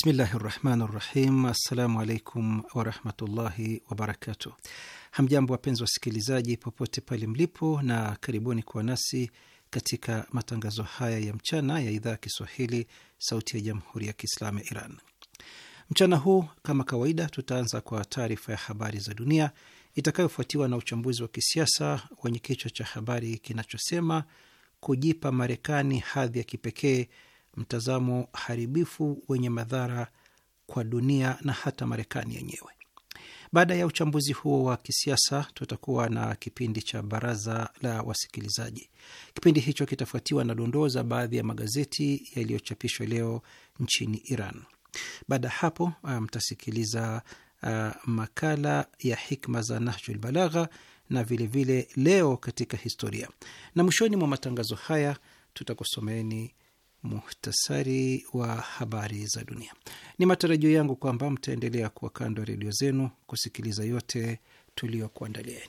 Bismillahi rahmani rahim. Assalamu alaikum warahmatullahi wabarakatu. Hamjambo wapenzi wasikilizaji popote pale mlipo, na karibuni kuwa nasi katika matangazo haya ya mchana ya idhaa ya Kiswahili sauti ya jamhuri ya Kiislamu ya Iran. Mchana huu kama kawaida, tutaanza kwa taarifa ya habari za dunia itakayofuatiwa na uchambuzi wa kisiasa wenye kichwa cha habari kinachosema kujipa Marekani hadhi ya kipekee mtazamo haribifu wenye madhara kwa dunia na hata Marekani yenyewe. Baada ya uchambuzi huo wa kisiasa, tutakuwa na kipindi cha baraza la wasikilizaji. Kipindi hicho kitafuatiwa na dondoo za baadhi ya magazeti yaliyochapishwa leo nchini Iran. Baada ya hapo, uh, mtasikiliza uh, makala ya hikma za Nahjul Balagha na vilevile vile leo katika historia, na mwishoni mwa matangazo haya tutakusomeeni muhtasari wa habari za dunia. Ni matarajio yangu kwamba mtaendelea kuwa kando ya redio zenu kusikiliza yote tuliyokuandalieni.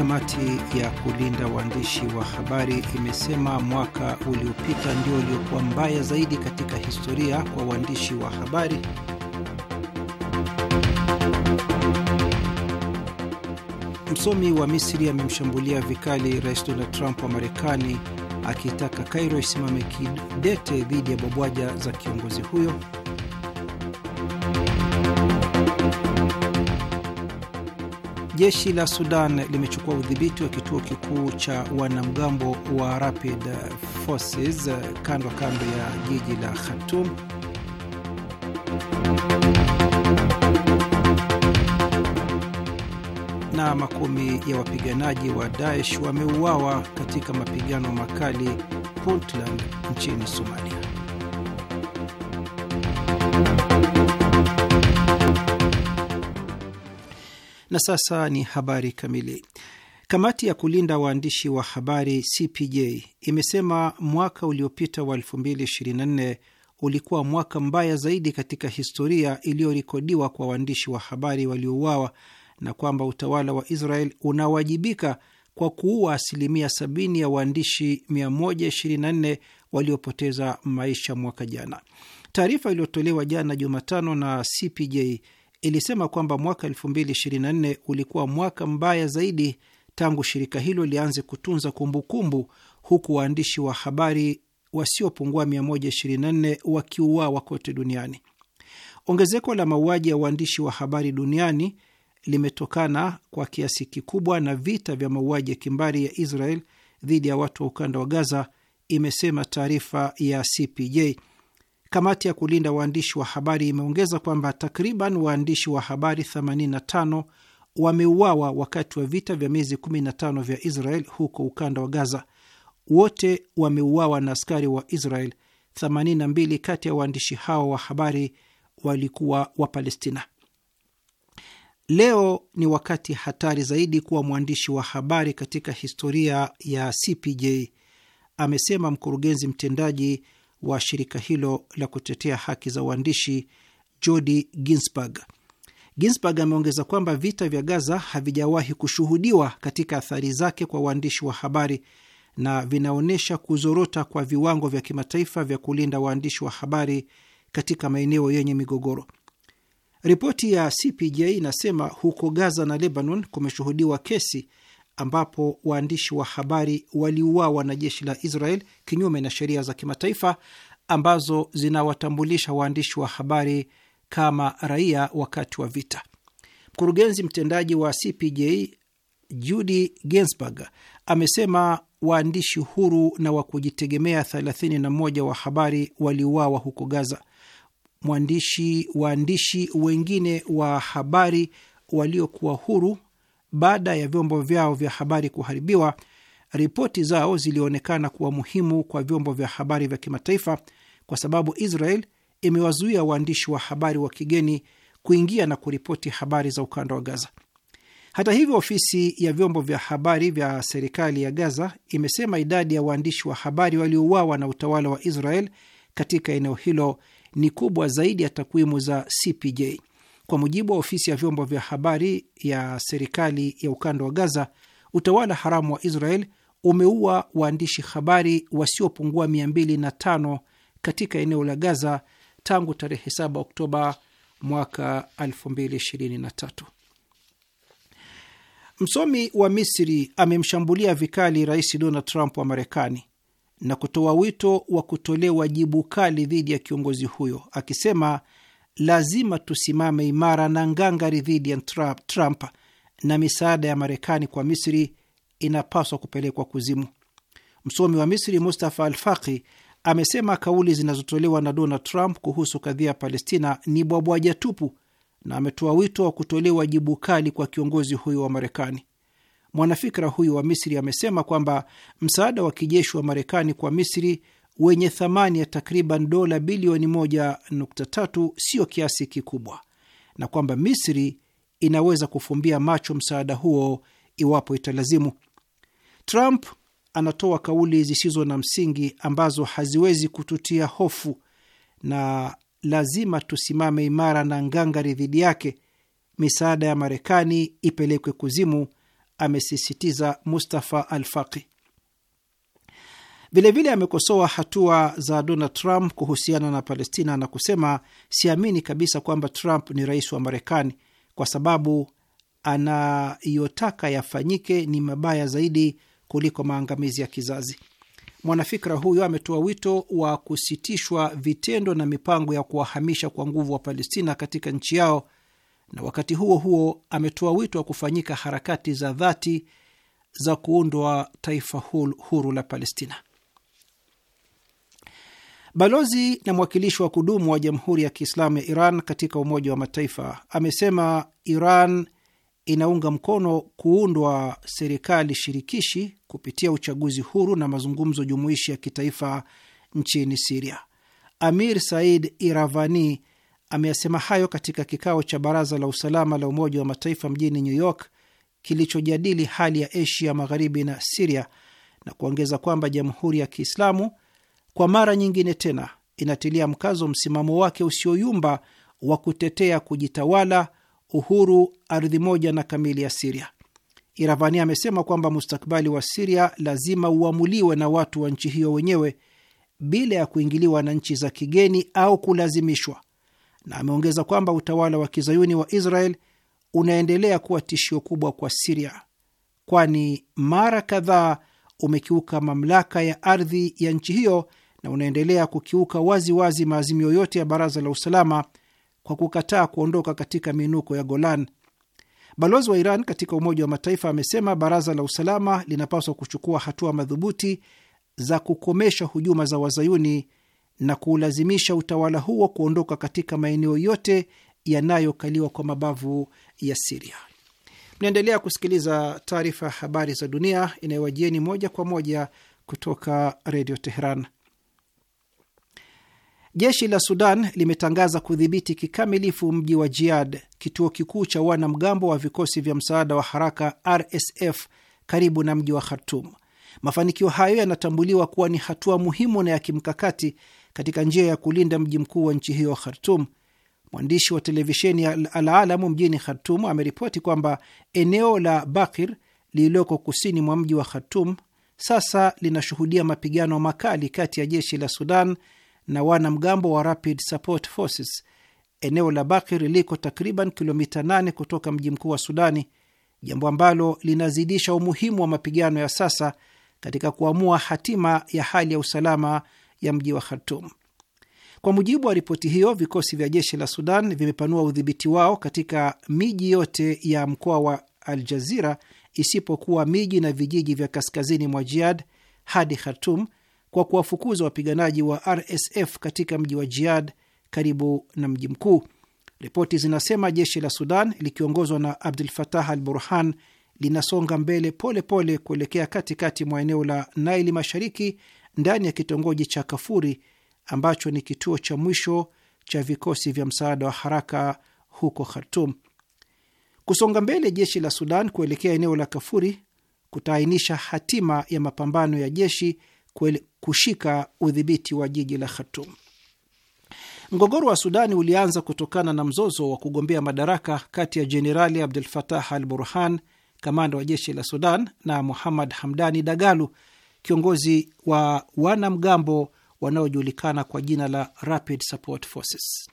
Kamati ya kulinda waandishi wa habari imesema mwaka uliopita ndio uliokuwa mbaya zaidi katika historia kwa waandishi wa habari. Msomi wa Misri amemshambulia vikali Rais Donald Trump wa Marekani akitaka Kairo isimame kidete dhidi ya babwaja za kiongozi huyo. Jeshi la Sudan limechukua udhibiti wa kituo kikuu cha wanamgambo wa Rapid Forces eh, kando kando ya jiji la Khartoum. Na makumi ya wapiganaji wa Daesh wameuawa katika mapigano makali Puntland nchini Somalia. Na sasa ni habari kamili. Kamati ya kulinda waandishi wa habari CPJ imesema mwaka uliopita wa 2024 ulikuwa mwaka mbaya zaidi katika historia iliyorekodiwa kwa waandishi wa habari waliouawa na kwamba utawala wa Israel unawajibika kwa kuua asilimia 70 ya waandishi 124 waliopoteza maisha mwaka jana. Taarifa iliyotolewa jana Jumatano na CPJ ilisema kwamba mwaka 2024 ulikuwa mwaka mbaya zaidi tangu shirika hilo lianze kutunza kumbukumbu kumbu, huku waandishi wa habari wasiopungua 124 wakiuawa kote duniani. Ongezeko la mauaji ya waandishi wa habari duniani limetokana kwa kiasi kikubwa na vita vya mauaji ya kimbari ya Israel dhidi ya watu wa ukanda wa Gaza, imesema taarifa ya CPJ. Kamati ya kulinda waandishi wa habari imeongeza kwamba takriban waandishi wa habari 85 wameuawa wakati wa vita vya miezi 15 vya Israel huko ukanda wa Gaza. Wote wameuawa na askari wa Israel. 82 kati ya waandishi hao wa habari walikuwa Wapalestina. Leo ni wakati hatari zaidi kuwa mwandishi wa habari katika historia ya CPJ, amesema mkurugenzi mtendaji wa shirika hilo la kutetea haki za uandishi Jodi Ginsburg. Ginsburg ameongeza kwamba vita vya Gaza havijawahi kushuhudiwa katika athari zake kwa waandishi wa habari na vinaonyesha kuzorota kwa viwango vya kimataifa vya kulinda waandishi wa habari katika maeneo yenye migogoro. Ripoti ya CPJ inasema huko Gaza na Lebanon kumeshuhudiwa kesi ambapo waandishi wa habari waliuawa na jeshi la Israel kinyume na sheria za kimataifa ambazo zinawatambulisha waandishi wa habari kama raia wakati wa vita. Mkurugenzi mtendaji wa CPJ Judy Ginsburg amesema waandishi huru na wa kujitegemea 31 wa habari waliuawa huko Gaza. Mwandishi waandishi wengine wa habari waliokuwa huru baada ya vyombo vyao vya habari kuharibiwa, ripoti zao zilionekana kuwa muhimu kwa vyombo vya habari vya kimataifa, kwa sababu Israel imewazuia waandishi wa habari wa kigeni kuingia na kuripoti habari za ukanda wa Gaza. Hata hivyo, ofisi ya vyombo vya habari vya serikali ya Gaza imesema idadi ya waandishi wa habari waliouawa na utawala wa Israel katika eneo hilo ni kubwa zaidi ya takwimu za CPJ. Kwa mujibu wa ofisi ya vyombo vya habari ya serikali ya ukanda wa Gaza, utawala haramu wa Israel umeua waandishi habari wasiopungua 205 katika eneo la Gaza tangu tarehe 7 Oktoba mwaka 2023. Msomi wa Misri amemshambulia vikali Rais Donald Trump wa Marekani na kutoa wito wa kutolewa jibu kali dhidi ya kiongozi huyo akisema lazima tusimame imara na ngangari dhidi ya Trump, na misaada ya Marekani kwa Misri inapaswa kupelekwa kuzimu. Msomi wa Misri Mustafa Alfaqi amesema kauli zinazotolewa na Donald Trump kuhusu kadhia ya Palestina ni bwabwaja tupu, na ametoa wito wa kutolewa jibu kali kwa kiongozi huyo wa Marekani. mwanafikira huyo wa Misri amesema kwamba msaada wa kijeshi wa Marekani kwa Misri wenye thamani ya takriban dola bilioni 1.3 siyo kiasi kikubwa, na kwamba Misri inaweza kufumbia macho msaada huo iwapo italazimu. Trump anatoa kauli zisizo na msingi ambazo haziwezi kututia hofu na lazima tusimame imara na ngangari dhidi yake. Misaada ya Marekani ipelekwe kuzimu, amesisitiza Mustafa Alfaqi. Vilevile amekosoa hatua za Donald Trump kuhusiana na Palestina na kusema, siamini kabisa kwamba Trump ni rais wa Marekani kwa sababu anayotaka yafanyike ni mabaya zaidi kuliko maangamizi ya kizazi. Mwanafikra huyo ametoa wito wa kusitishwa vitendo na mipango ya kuwahamisha kwa nguvu wa Palestina katika nchi yao, na wakati huo huo ametoa wito wa kufanyika harakati za dhati za kuundwa taifa huru la Palestina. Balozi na mwakilishi wa kudumu wa Jamhuri ya Kiislamu ya Iran katika Umoja wa Mataifa amesema Iran inaunga mkono kuundwa serikali shirikishi kupitia uchaguzi huru na mazungumzo jumuishi ya kitaifa nchini Siria. Amir Said Iravani ameyasema hayo katika kikao cha Baraza la Usalama la Umoja wa Mataifa mjini New York kilichojadili hali ya Asia Magharibi na Siria na kuongeza kwamba Jamhuri ya Kiislamu kwa mara nyingine tena inatilia mkazo msimamo wake usioyumba wa kutetea kujitawala, uhuru, ardhi moja na kamili ya Siria. Iravani amesema kwamba mustakabali wa Siria lazima uamuliwe na watu wa nchi hiyo wenyewe bila ya kuingiliwa na nchi za kigeni au kulazimishwa, na ameongeza kwamba utawala wa kizayuni wa Israel unaendelea kuwa tishio kubwa kwa Siria, kwani mara kadhaa umekiuka mamlaka ya ardhi ya nchi hiyo na unaendelea kukiuka waziwazi wazi maazimio yote ya Baraza la Usalama kwa kukataa kuondoka katika miinuko ya Golan. Balozi wa Iran katika Umoja wa Mataifa amesema Baraza la Usalama linapaswa kuchukua hatua madhubuti za kukomesha hujuma za Wazayuni na kuulazimisha utawala huo kuondoka katika maeneo yote yanayokaliwa kwa mabavu ya Siria. Mnaendelea kusikiliza taarifa ya habari za dunia inayowajieni moja kwa moja kutoka Redio Teheran. Jeshi la Sudan limetangaza kudhibiti kikamilifu mji wa Jiad, kituo kikuu cha wanamgambo wa vikosi vya msaada wa haraka RSF karibu na mji wa Khartum. Mafanikio hayo yanatambuliwa kuwa ni hatua muhimu na ya kimkakati katika njia ya kulinda mji mkuu wa nchi hiyo Khartum. Mwandishi wa televisheni ya alalamu mjini Khartum ameripoti kwamba eneo la Bakir lililoko kusini mwa mji wa Khartum sasa linashuhudia mapigano makali kati ya jeshi la Sudan na wanamgambo wa Rapid Support Forces. Eneo la Bakir liko takriban kilomita 8 kutoka mji mkuu wa Sudani, jambo ambalo linazidisha umuhimu wa mapigano ya sasa katika kuamua hatima ya hali ya usalama ya mji wa Khartum. Kwa mujibu wa ripoti hiyo, vikosi vya jeshi la Sudan vimepanua udhibiti wao katika miji yote ya mkoa wa Aljazira isipokuwa miji na vijiji vya kaskazini mwa Jiad hadi Khartum kwa kuwafukuza wapiganaji wa RSF katika mji wa Jiad karibu na mji mkuu. Ripoti zinasema jeshi la Sudan likiongozwa na Abdul Fatah al Burhan linasonga mbele polepole kuelekea katikati mwa eneo la Naili Mashariki ndani ya kitongoji cha Kafuri ambacho ni kituo cha mwisho cha vikosi vya msaada wa haraka huko Khartum. Kusonga mbele jeshi la Sudan kuelekea eneo la Kafuri kutaainisha hatima ya mapambano ya jeshi kushika udhibiti wa jiji la khatum Mgogoro wa Sudani ulianza kutokana na mzozo wa kugombea madaraka kati ya Jenerali Abdul Fatah Al Burhan, kamanda wa jeshi la Sudan, na Muhammad Hamdani Dagalu, kiongozi wa wanamgambo wanaojulikana kwa jina la Rapid Support Forces.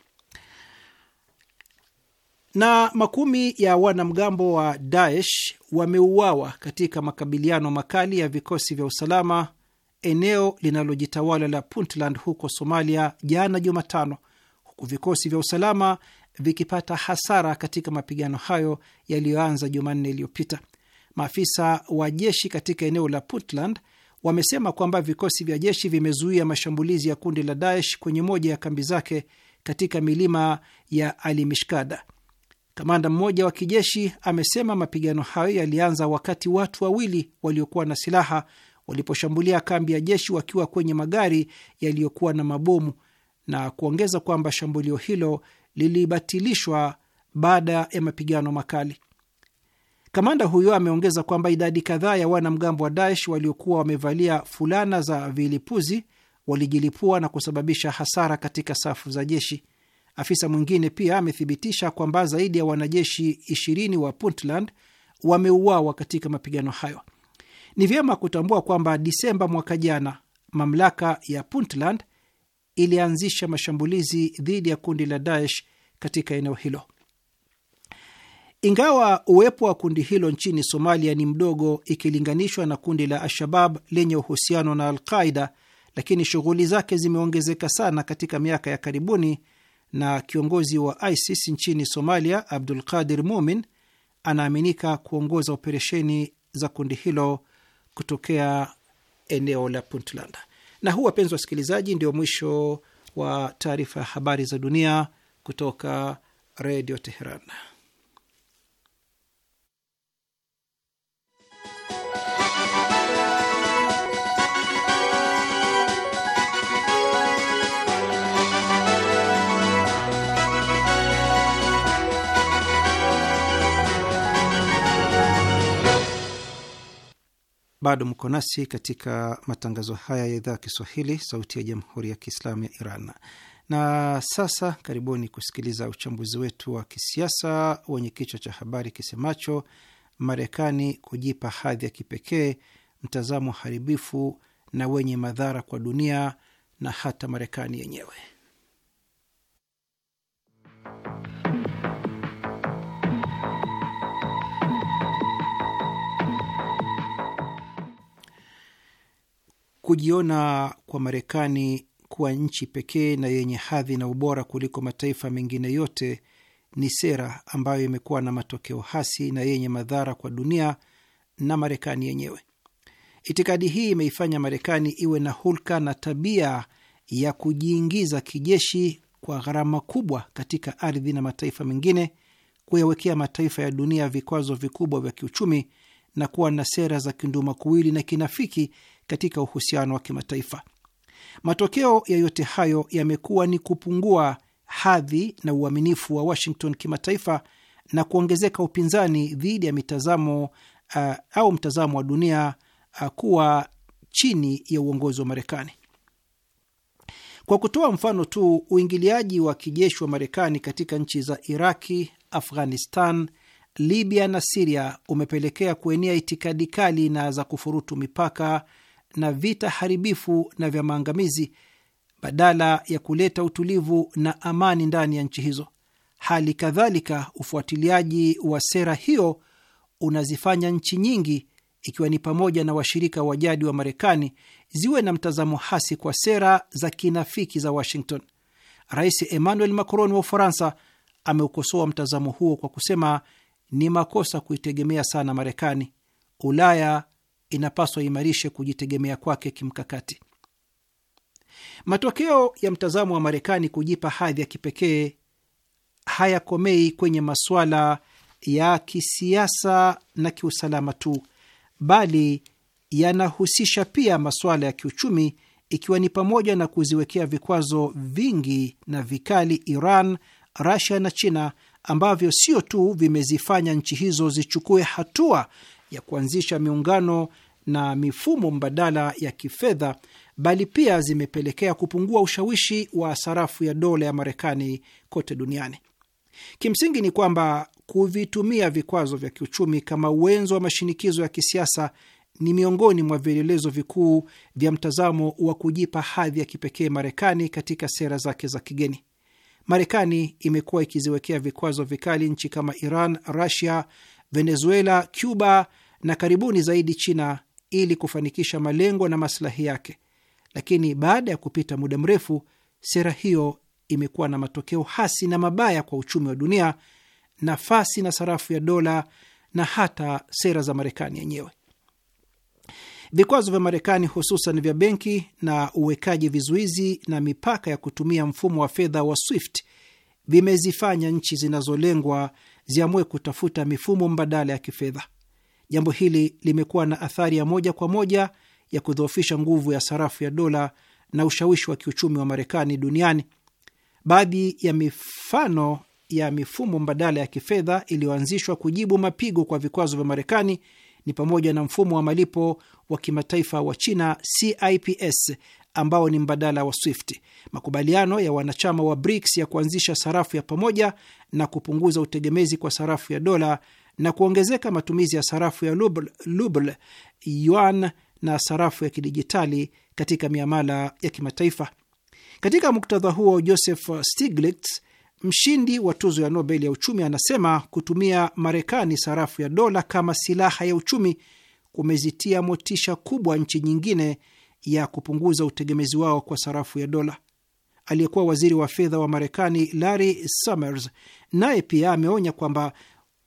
Na makumi ya wanamgambo wa Daesh wameuawa katika makabiliano makali ya vikosi vya usalama eneo linalojitawala la Puntland huko Somalia jana Jumatano, huku vikosi vya usalama vikipata hasara katika mapigano hayo yaliyoanza Jumanne iliyopita. Maafisa wa jeshi katika eneo la Puntland wamesema kwamba vikosi vya jeshi vimezuia mashambulizi ya kundi la Daesh kwenye moja ya kambi zake katika milima ya Alimishkada. Kamanda mmoja wa kijeshi amesema mapigano hayo yalianza wakati watu wawili waliokuwa na silaha waliposhambulia kambi ya jeshi wakiwa kwenye magari yaliyokuwa na mabomu na kuongeza kwamba shambulio hilo lilibatilishwa baada ya mapigano makali. Kamanda huyo ameongeza kwamba idadi kadhaa ya wanamgambo wa Daesh waliokuwa wamevalia fulana za vilipuzi walijilipua na kusababisha hasara katika safu za jeshi. Afisa mwingine pia amethibitisha kwamba zaidi ya wanajeshi 20 wa Puntland wameuawa katika mapigano hayo. Ni vyema kutambua kwamba Disemba mwaka jana mamlaka ya Puntland ilianzisha mashambulizi dhidi ya kundi la Daesh katika eneo hilo. Ingawa uwepo wa kundi hilo nchini Somalia ni mdogo ikilinganishwa na kundi la Al-Shabab lenye uhusiano na Al-Qaida, lakini shughuli zake zimeongezeka sana katika miaka ya karibuni, na kiongozi wa ISIS nchini Somalia Abdul Qadir Mumin anaaminika kuongoza operesheni za kundi hilo kutokea eneo la Puntland. Na huu, wapenzi wa wasikilizaji, ndio mwisho wa taarifa ya habari za dunia kutoka Redio Teheran. Bado mko nasi katika matangazo haya ya idhaa ya Kiswahili, Sauti ya Jamhuri ya Kiislamu ya Iran. Na sasa karibuni kusikiliza uchambuzi wetu wa kisiasa wenye kichwa cha habari kisemacho Marekani kujipa hadhi ya kipekee, mtazamo haribifu na wenye madhara kwa dunia na hata Marekani yenyewe. kujiona kwa Marekani kuwa nchi pekee na yenye hadhi na ubora kuliko mataifa mengine yote ni sera ambayo imekuwa na matokeo hasi na yenye madhara kwa dunia na Marekani yenyewe. Itikadi hii imeifanya Marekani iwe na hulka na tabia ya kujiingiza kijeshi kwa gharama kubwa katika ardhi na mataifa mengine, kuyawekea mataifa ya dunia vikwazo vikubwa vya kiuchumi na kuwa na sera za kinduma kuwili na kinafiki katika uhusiano wa kimataifa. Matokeo ya yote hayo yamekuwa ni kupungua hadhi na uaminifu wa Washington kimataifa na kuongezeka upinzani dhidi ya mitazamo uh, au mtazamo wa dunia uh, kuwa chini ya uongozi wa Marekani. Kwa kutoa mfano tu, uingiliaji wa kijeshi wa Marekani katika nchi za Iraki, Afghanistan, Libya na Siria umepelekea kuenea itikadi kali na za kufurutu mipaka na vita haribifu na vya maangamizi badala ya kuleta utulivu na amani ndani ya nchi hizo. Hali kadhalika, ufuatiliaji wa sera hiyo unazifanya nchi nyingi, ikiwa ni pamoja na washirika wa jadi wa Marekani, ziwe na mtazamo hasi kwa sera za kinafiki za Washington. Rais Emmanuel Macron wa Ufaransa ameukosoa mtazamo huo kwa kusema ni makosa kuitegemea sana Marekani. Ulaya inapaswa imarishe kujitegemea kwake kimkakati. Matokeo ya mtazamo wa Marekani kujipa hadhi ya kipekee hayakomei kwenye masuala ya kisiasa na kiusalama tu, bali yanahusisha pia masuala ya kiuchumi, ikiwa ni pamoja na kuziwekea vikwazo vingi na vikali Iran, rasia na China ambavyo sio tu vimezifanya nchi hizo zichukue hatua ya kuanzisha miungano na mifumo mbadala ya kifedha, bali pia zimepelekea kupungua ushawishi wa sarafu ya dola ya Marekani kote duniani. Kimsingi ni kwamba kuvitumia vikwazo vya kiuchumi kama uwenzo wa mashinikizo ya kisiasa ni miongoni mwa vielelezo vikuu vya mtazamo wa kujipa hadhi ya kipekee Marekani katika sera zake za kigeni. Marekani imekuwa ikiziwekea vikwazo vikali nchi kama Iran, Russia, Venezuela, Cuba na karibuni zaidi China ili kufanikisha malengo na maslahi yake, lakini baada ya kupita muda mrefu sera hiyo imekuwa na matokeo hasi na mabaya kwa uchumi wa dunia, nafasi na sarafu ya dola na hata sera za Marekani yenyewe. Vikwazo vya Marekani hususan vya benki na uwekaji vizuizi na mipaka ya kutumia mfumo wa fedha wa SWIFT vimezifanya nchi zinazolengwa ziamue kutafuta mifumo mbadala ya kifedha. Jambo hili limekuwa na athari ya moja kwa moja ya kudhoofisha nguvu ya sarafu ya dola na ushawishi wa kiuchumi wa Marekani duniani. Baadhi ya mifano ya mifumo mbadala ya kifedha iliyoanzishwa kujibu mapigo kwa vikwazo vya Marekani ni pamoja na mfumo wa malipo wa kimataifa wa China CIPS ambao ni mbadala wa SWIFT, makubaliano ya wanachama wa BRICS ya kuanzisha sarafu ya pamoja na kupunguza utegemezi kwa sarafu ya dola na kuongezeka matumizi ya sarafu ya ruble, yuan na sarafu ya kidijitali katika miamala ya kimataifa. Katika muktadha huo, Joseph Stiglitz, mshindi wa tuzo ya Nobel ya uchumi, anasema kutumia Marekani sarafu ya dola kama silaha ya uchumi kumezitia motisha kubwa nchi nyingine ya kupunguza utegemezi wao kwa sarafu ya dola. Aliyekuwa waziri wa fedha wa Marekani Larry Summers naye pia ameonya kwamba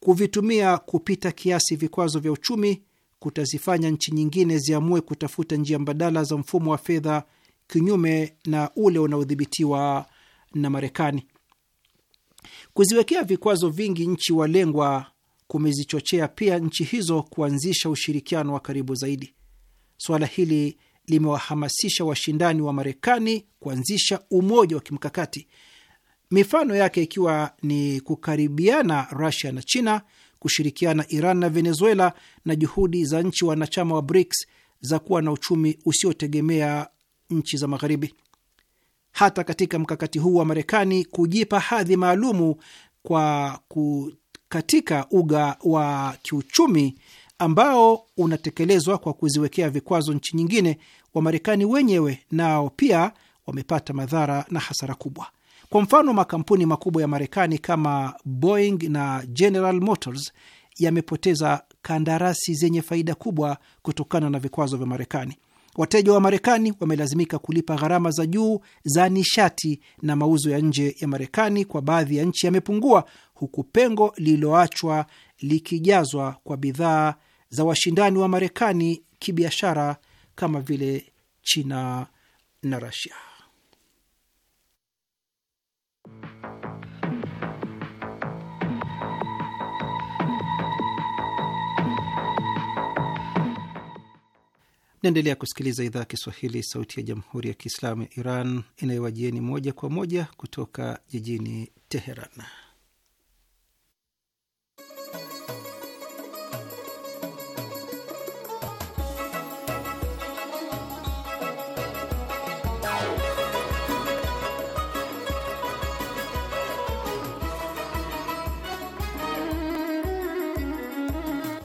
kuvitumia kupita kiasi vikwazo vya uchumi kutazifanya nchi nyingine ziamue kutafuta njia mbadala za mfumo wa fedha kinyume na ule unaodhibitiwa na Marekani. Kuziwekea vikwazo vingi nchi walengwa kumezichochea pia nchi hizo kuanzisha ushirikiano wa karibu zaidi. Suala hili limewahamasisha washindani wa Marekani kuanzisha umoja wa kimkakati, mifano yake ikiwa ni kukaribiana Rusia na China, kushirikiana Iran na Venezuela na juhudi za nchi wanachama wa BRICS za kuwa na uchumi usiotegemea nchi za Magharibi. Hata katika mkakati huu wa Marekani kujipa hadhi maalumu kwa ku katika uga wa kiuchumi ambao unatekelezwa kwa kuziwekea vikwazo nchi nyingine, Wamarekani wenyewe nao pia wamepata madhara na hasara kubwa. Kwa mfano, makampuni makubwa ya Marekani kama Boeing na General Motors yamepoteza kandarasi zenye faida kubwa kutokana na vikwazo vya Marekani. Wateja wa Marekani wamelazimika kulipa gharama za juu za nishati na mauzo ya nje ya Marekani kwa baadhi ya nchi yamepungua, huku pengo lililoachwa likijazwa kwa bidhaa za washindani wa Marekani kibiashara kama vile China na Rasia. Naendelea kusikiliza idhaa ya Kiswahili, sauti ya jamhuri ya kiislamu ya Iran inayowajieni moja kwa moja kutoka jijini Teheran.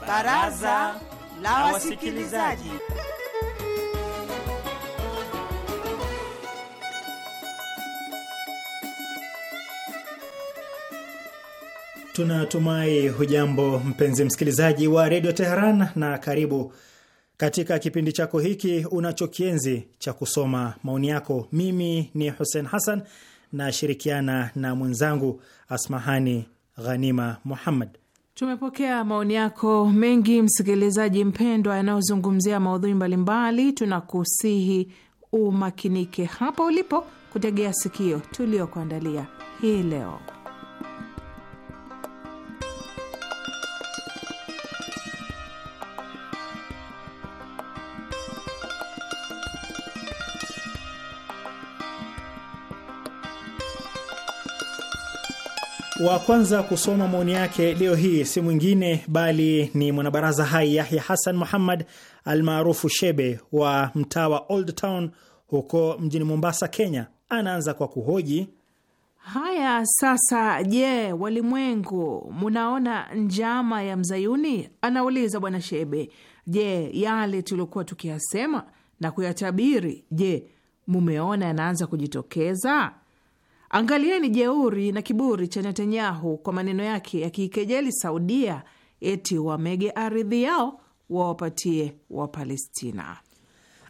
Baraza la Wasikilizaji. Tunatumai hujambo mpenzi msikilizaji wa redio Teheran, na karibu katika kipindi chako hiki unachokienzi cha kusoma maoni yako. Mimi ni Hussein Hassan, nashirikiana na mwenzangu Asmahani Ghanima Muhammad. Tumepokea maoni yako mengi msikilizaji mpendwa, yanayozungumzia maudhui mbalimbali. Tunakusihi umakinike hapo ulipo kutegea sikio tuliokuandalia hii leo. Wa kwanza kusoma maoni yake leo hii si mwingine bali ni mwanabaraza hai Yahya Hassan Muhammad almaarufu Shebe wa mtaa wa Old Town huko mjini Mombasa, Kenya. Anaanza kwa kuhoji haya sasa. Je, walimwengu munaona njama ya mzayuni? Anauliza bwana Shebe. Je, yale tuliokuwa tukiyasema na kuyatabiri, je, mumeona yanaanza kujitokeza? Angalieni jeuri na kiburi cha Netanyahu kwa maneno yake yakiikejeli Saudia eti wamege ardhi yao wawapatie Wapalestina.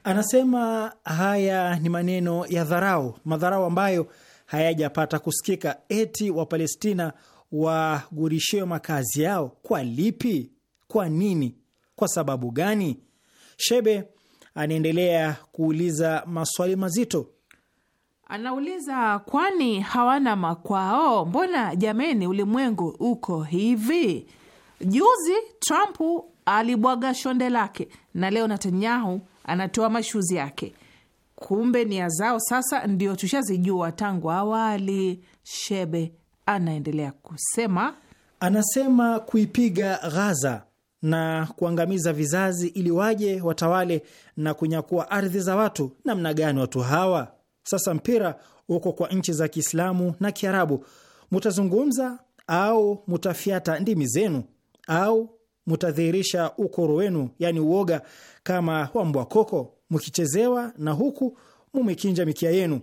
Anasema haya ni maneno ya dharau, madharau ambayo hayajapata kusikika, eti Wapalestina wagurishiwe makazi yao. Kwa lipi? Kwa nini? Kwa sababu gani? Shebe anaendelea kuuliza maswali mazito Anauliza, kwani hawana makwao? Mbona jameni, ulimwengu uko hivi? Juzi Trump alibwaga shonde lake na leo Netanyahu anatoa mashuzi yake. Kumbe nia zao sasa ndio tushazijua tangu awali. Shebe anaendelea kusema, anasema kuipiga Ghaza na kuangamiza vizazi ili waje watawale na kunyakua ardhi za watu. Namna gani watu hawa sasa mpira uko kwa nchi za Kiislamu na Kiarabu. Mutazungumza au mutafyata ndimi zenu au mutadhihirisha ukoro wenu, yani uoga kama wambwa koko, mkichezewa na huku mumekinja mikia yenu.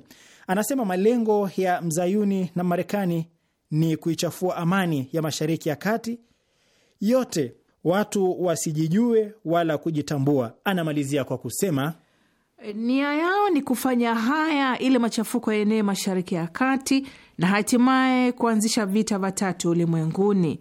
Anasema malengo ya mzayuni na Marekani ni kuichafua amani ya Mashariki ya Kati yote, watu wasijijue wala kujitambua. Anamalizia kwa kusema Nia yao ni kufanya haya ili machafuko ya eneo Mashariki ya Kati na hatimaye kuanzisha vita vya tatu ulimwenguni.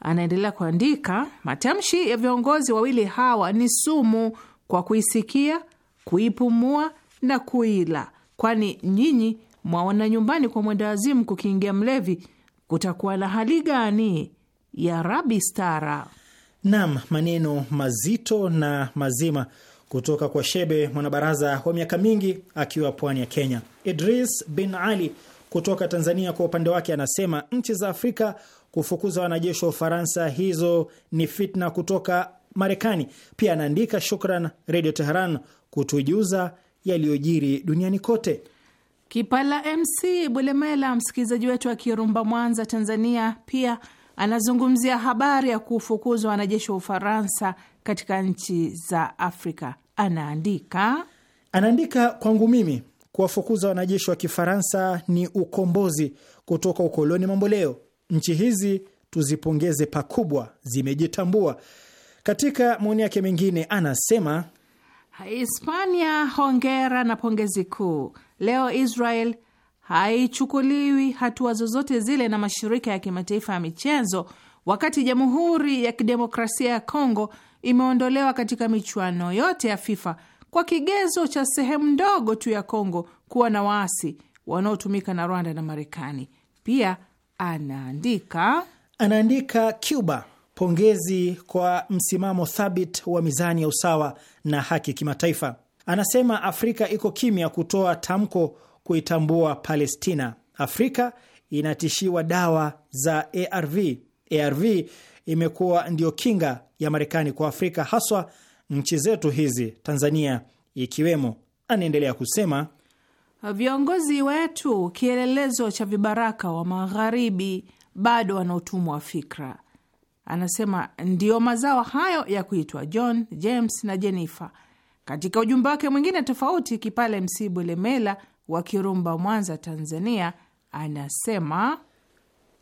Anaendelea kuandika, matamshi ya viongozi wawili hawa ni sumu kwa kuisikia, kuipumua na kuila, kwani nyinyi mwaona nyumbani kwa mwendawazimu kukiingia mlevi kutakuwa na hali gani? Ya Rabi stara. Naam, maneno mazito na mazima kutoka kwa Shebe, mwanabaraza wa miaka mingi akiwa pwani ya Kenya. Idris bin Ali kutoka Tanzania kwa upande wake anasema nchi za Afrika kufukuza wanajeshi wa Ufaransa, hizo ni fitna kutoka Marekani. Pia anaandika shukran Redio Teheran kutujuza yaliyojiri duniani kote. Kipala MC Bulemela, msikilizaji wetu wa Kirumba, Mwanza, Tanzania, pia anazungumzia habari ya kufukuzwa wanajeshi wa Ufaransa katika nchi za Afrika. Anaandika, anaandika kwangu mimi kuwafukuza wanajeshi wa Kifaransa ni ukombozi kutoka ukoloni mamboleo. Nchi hizi tuzipongeze pakubwa, zimejitambua. Katika maoni yake mengine anasema Hispania, hongera na pongezi kuu. Leo Israel haichukuliwi hatua zozote zile na mashirika ya kimataifa ya michezo, wakati Jamhuri ya Kidemokrasia ya Kongo imeondolewa katika michuano yote ya FIFA kwa kigezo cha sehemu ndogo tu ya Kongo kuwa na waasi wanaotumika na Rwanda na Marekani. Pia anaandika anaandika Cuba, pongezi kwa msimamo thabit wa mizani ya usawa na haki kimataifa. Anasema Afrika iko kimya kutoa tamko kuitambua Palestina. Afrika inatishiwa dawa za ARV. ARV imekuwa ndiyo kinga ya Marekani kwa Afrika, haswa nchi zetu hizi Tanzania ikiwemo. Anaendelea kusema viongozi wetu kielelezo cha vibaraka wa Magharibi, bado wana utumwa wa fikra. Anasema ndiyo mazao hayo ya kuitwa John, James na Jennifer. Katika ujumbe wake mwingine tofauti, Kipale Msibu Lemela wa Kirumba, Mwanza, Tanzania, anasema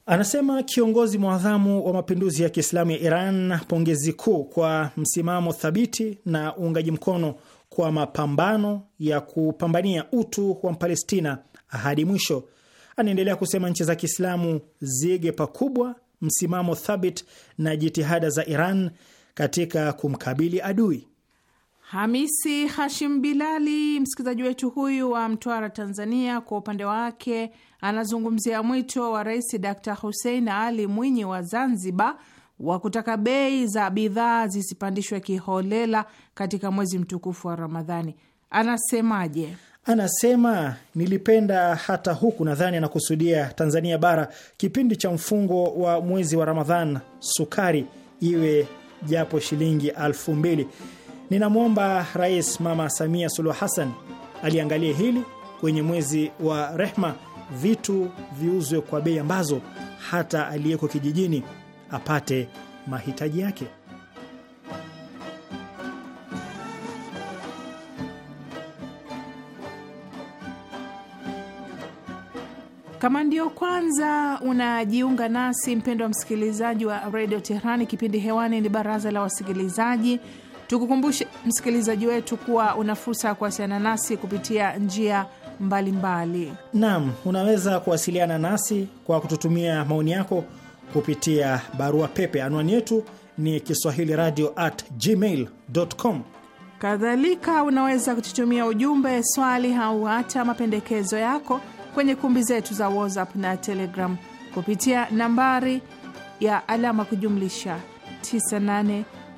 Anasema kiongozi mwadhamu wa mapinduzi ya Kiislamu ya Iran, pongezi kuu kwa msimamo thabiti na uungaji mkono kwa mapambano ya kupambania utu wa Mpalestina hadi mwisho. Anaendelea kusema nchi za Kiislamu zige pakubwa msimamo thabiti na jitihada za Iran katika kumkabili adui. Hamisi Hashim Bilali, msikilizaji wetu huyu wa Mtwara, Tanzania, kwa upande wake anazungumzia mwito wa Rais Dr Hussein Ali Mwinyi wa Zanzibar wa kutaka bei za bidhaa zisipandishwe kiholela katika mwezi mtukufu wa Ramadhani. Anasemaje? Anasema nilipenda hata huku, nadhani anakusudia Tanzania bara, kipindi cha mfungo wa mwezi wa Ramadhan, sukari iwe japo shilingi elfu mbili Ninamwomba Rais Mama Samia Suluhu Hassan aliangalie hili kwenye mwezi wa rehma, vitu viuzwe kwa bei ambazo hata aliyeko kijijini apate mahitaji yake. Kama ndio kwanza unajiunga nasi, mpendo wa msikilizaji wa redio Teherani, kipindi hewani ni baraza la wasikilizaji Tukukumbushe msikilizaji wetu kuwa una fursa ya kuwasiliana nasi kupitia njia mbalimbali. Naam, unaweza kuwasiliana nasi kwa kututumia maoni yako kupitia barua pepe. Anwani yetu ni kiswahili radio at gmail com. Kadhalika unaweza kututumia ujumbe, swali au hata mapendekezo yako kwenye kumbi zetu za WhatsApp na Telegram kupitia nambari ya alama kujumlisha 98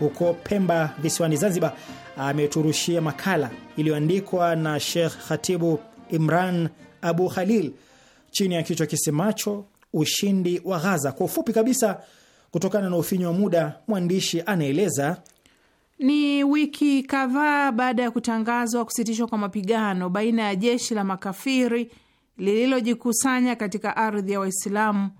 huko Pemba visiwani Zanzibar ameturushia makala iliyoandikwa na Sheikh Khatibu Imran Abu Khalil chini ya kichwa kisemacho ushindi wa Ghaza. Kwa ufupi kabisa, kutokana na ufinyu wa muda, mwandishi anaeleza ni wiki kadhaa baada ya kutangazwa kusitishwa kwa mapigano baina ya jeshi la makafiri lililojikusanya katika ardhi ya Waislamu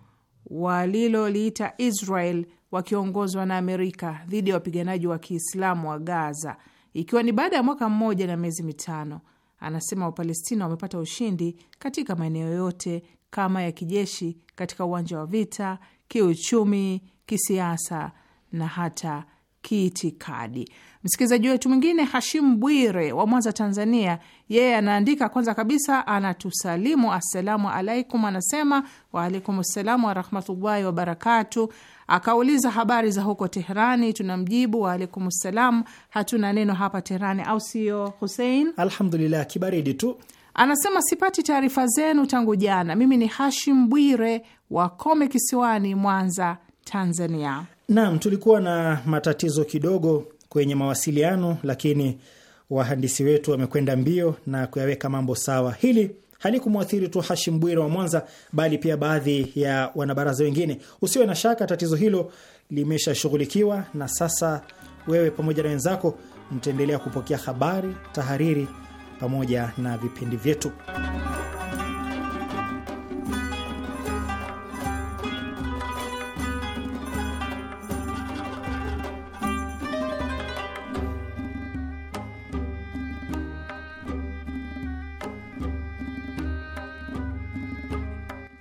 waliloliita Israel wakiongozwa na Amerika dhidi ya wapiganaji wa Kiislamu wa Gaza, ikiwa ni baada ya mwaka mmoja na miezi mitano. Anasema Wapalestina wamepata ushindi katika maeneo yote kama ya kijeshi, katika uwanja wa vita, kiuchumi, kisiasa na hata kiitikadi. Msikilizaji wetu mwingine Hashimu Bwire wa Mwanza, Tanzania, yeye anaandika, kwanza kabisa anatusalimu assalamu alaikum, anasema waalaikum ssalamu warahmatullahi wabarakatu. Akauliza habari za huko Teherani, tunamjibu waalaikum salam hatuna neno hapa Teherani, au sio Husein? Alhamdulillah, kibaridi tu. Anasema sipati taarifa zenu tangu jana. Mimi ni Hashim Bwire wa Kome Kisiwani, Mwanza, Tanzania. Naam, tulikuwa na matatizo kidogo kwenye mawasiliano, lakini wahandisi wetu wamekwenda mbio na kuyaweka mambo sawa. Hili halikumwathiri tu Hashim Bwire wa Mwanza, bali pia baadhi ya wanabaraza wengine. Usiwe na shaka, tatizo hilo limeshashughulikiwa na sasa wewe pamoja na wenzako mtaendelea kupokea habari, tahariri pamoja na vipindi vyetu.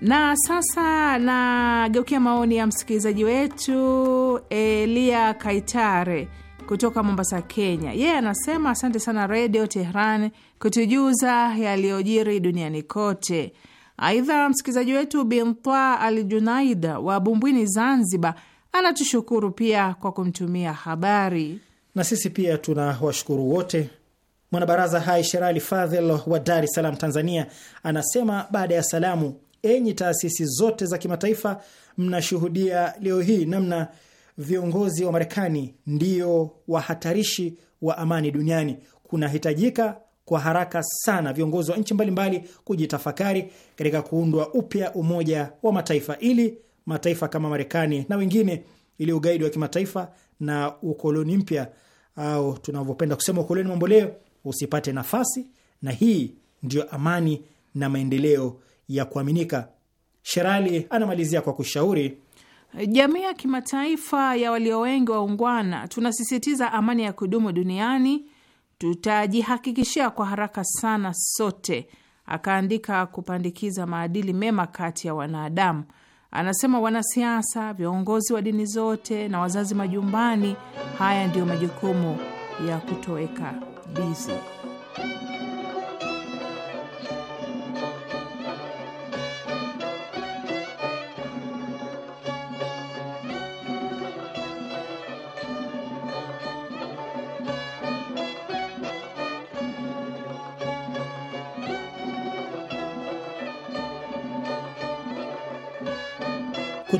Na sasa nageukia maoni ya msikilizaji wetu Elia Kaitare kutoka Mombasa, Kenya. Yeye yeah, anasema asante sana Redio Tehran kutujuza yaliyojiri duniani kote. Aidha, msikilizaji wetu Bintwa Al Junaida wa Bumbwini, Zanzibar, anatushukuru pia kwa kumtumia habari. Na sisi pia tuna washukuru wote. Mwanabaraza hai Sherali Fadhel wa Dar es Salaam, Tanzania, anasema baada ya salamu, enyi taasisi zote za kimataifa, mnashuhudia leo hii namna viongozi wa Marekani ndio wahatarishi wa amani duniani. Kunahitajika kwa haraka sana viongozi wa nchi mbalimbali kujitafakari katika kuundwa upya Umoja wa Mataifa ili mataifa kama Marekani na wengine, ili ugaidi wa kimataifa na ukoloni mpya au tunavyopenda kusema ukoloni mamboleo usipate nafasi, na hii ndio amani na maendeleo ya kuaminika. Sherali anamalizia kwa kushauri jamii ya kimataifa ya walio wengi waungwana, tunasisitiza amani ya kudumu duniani tutajihakikishia kwa haraka sana sote. Akaandika kupandikiza maadili mema kati ya wanadamu. Anasema wanasiasa, viongozi wa dini zote na wazazi majumbani, haya ndiyo majukumu ya kutoweka bizi.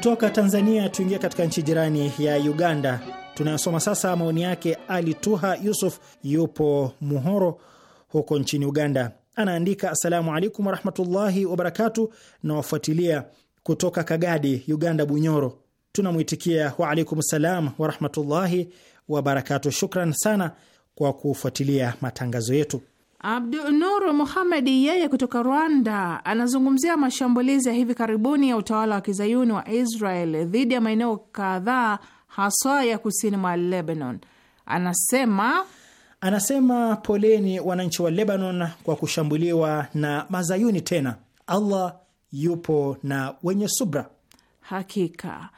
Kutoka Tanzania tuingia katika nchi jirani ya Uganda. Tunayosoma sasa maoni yake Ali Tuha Yusuf, yupo Muhoro huko nchini Uganda. Anaandika, assalamu alaikum warahmatullahi wabarakatu, na wafuatilia kutoka Kagadi, Uganda, Bunyoro. Tunamwitikia waalaikum salam warahmatullahi wabarakatu. Shukran sana kwa kufuatilia matangazo yetu. Abdunuru Muhamedi yeye kutoka Rwanda anazungumzia mashambulizi ya hivi karibuni ya utawala wa kizayuni wa Israel dhidi ya maeneo kadhaa haswa ya kusini mwa Lebanon. Anasema anasema poleni wananchi wa Lebanon kwa kushambuliwa na mazayuni tena. Allah yupo na wenye subra. Hakika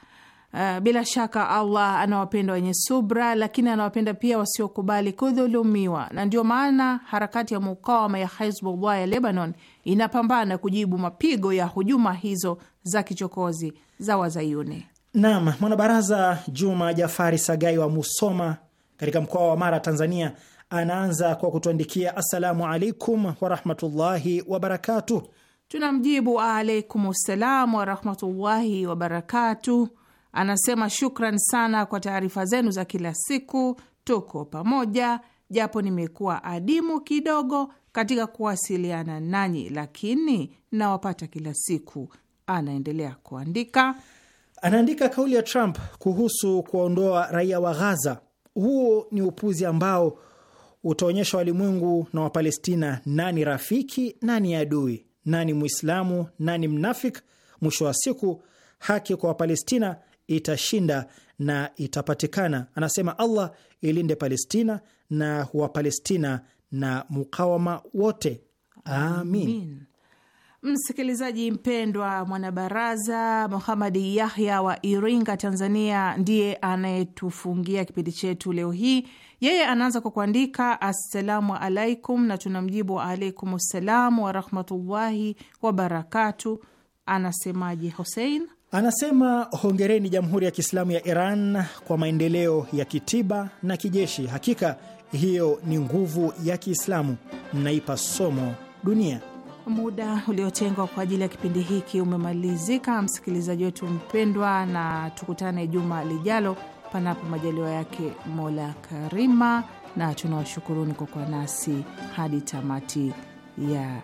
Uh, bila shaka Allah anawapenda wenye subra, lakini anawapenda pia wasiokubali kudhulumiwa, na ndio maana harakati ya mukawama ya Hezbollah ya Lebanon inapambana kujibu mapigo ya hujuma hizo za kichokozi za Wazayuni. Naam, mwanabaraza Juma Jafari Sagai wa Musoma katika mkoa wa Mara, Tanzania, anaanza kwa kutuandikia assalamu alaikum warahmatullahi wabarakatuh. Tunamjibu waalaikum ssalam warahmatullahi wabarakatuh. Anasema shukran sana kwa taarifa zenu za kila siku, tuko pamoja, japo nimekuwa adimu kidogo katika kuwasiliana nanyi, lakini nawapata kila siku. Anaendelea kuandika, anaandika kauli ya Trump kuhusu kuwaondoa raia wa Ghaza, huo ni upuzi ambao utaonyesha walimwengu na Wapalestina nani rafiki, nani adui, nani Mwislamu, nani mnafik. Mwisho wa siku haki kwa Wapalestina itashinda na itapatikana. Anasema Allah ilinde Palestina na Wapalestina na mukawama wote, amin, amin. Msikilizaji mpendwa, mwanabaraza Muhamadi Yahya wa Iringa, Tanzania, ndiye anayetufungia kipindi chetu leo hii. Yeye anaanza kwa kuandika assalamu alaikum, na tuna mjibu wa alaikum salamu warahmatullahi wabarakatu. Anasemaje Husein? Anasema hongereni Jamhuri ya Kiislamu ya Iran kwa maendeleo ya kitiba na kijeshi. Hakika hiyo ni nguvu ya Kiislamu, mnaipa somo dunia. Muda uliotengwa kwa ajili ya kipindi hiki umemalizika, msikilizaji wetu mpendwa, na tukutane juma lijalo, panapo majaliwa yake Mola Karima, na tunawashukuruni kwa kuwa nasi hadi tamati ya